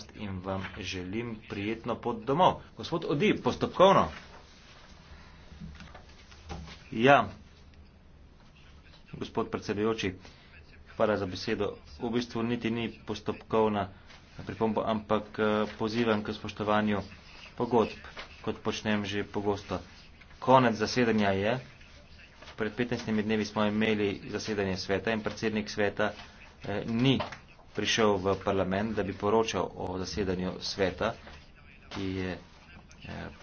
pozornost in vam želim prijetno pot domov. Gospod Odi, postopkovno. Ja, gospod predsedujoči, hvala za besedo. V bistvu niti ni postopkovna pripomba, ampak eh, pozivam k spoštovanju pogodb, kot počnem že pogosto. Konec zasedanja je. Pred 15 dnevi smo imeli zasedanje sveta in predsednik sveta eh, ni prišel v parlament, da bi poročal o zasedanju sveta, ki je eh,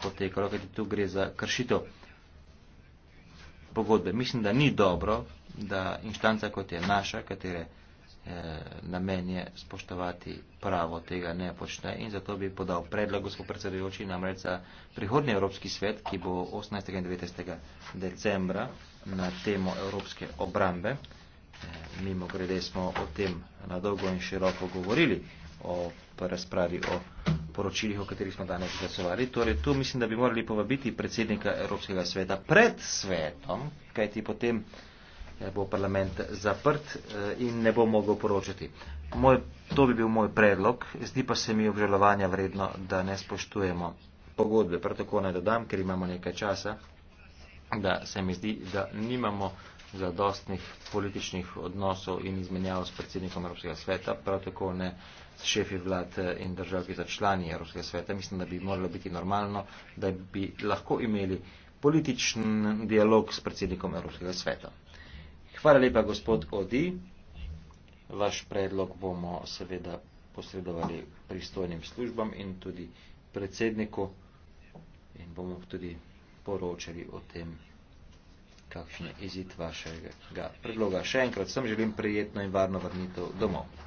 potekalo, kajti tu gre za kršitev pogodbe. Mislim, da ni dobro, da inštanca kot je naša, katere eh, namen je spoštovati pravo tega ne počne in zato bi podal predlog, gospod predsedujoči, namreč za prihodnji Evropski svet, ki bo 18. in 19. decembra na temo Evropske obrambe mimo grede smo o tem na dolgo in široko govorili o razpravi o poročilih, o katerih smo danes glasovali. Torej, tu mislim, da bi morali povabiti predsednika Evropskega sveta pred svetom, kajti potem eh, bo parlament zaprt eh, in ne bo mogel poročati. Moj, to bi bil moj predlog, zdi pa se mi obžalovanja vredno, da ne spoštujemo pogodbe. Prav tako naj dodam, ker imamo nekaj časa, da se mi zdi, da nimamo zadostnih političnih odnosov in izmenjav s predsednikom Evropskega sveta, prav tako ne s šefi vlad eh, in držav, ki so člani Evropskega sveta. Mislim, da bi moralo biti normalno, da bi lahko imeli političen dialog s predsednikom Evropskega sveta. Hvala lepa, gospod Odi. Vaš predlog bomo seveda posredovali pristojnim službam in tudi predsedniku in bomo tudi poročali o tem kakšne izid vašega predloga. Še enkrat sem želim prijetno in varno vrnitev domov.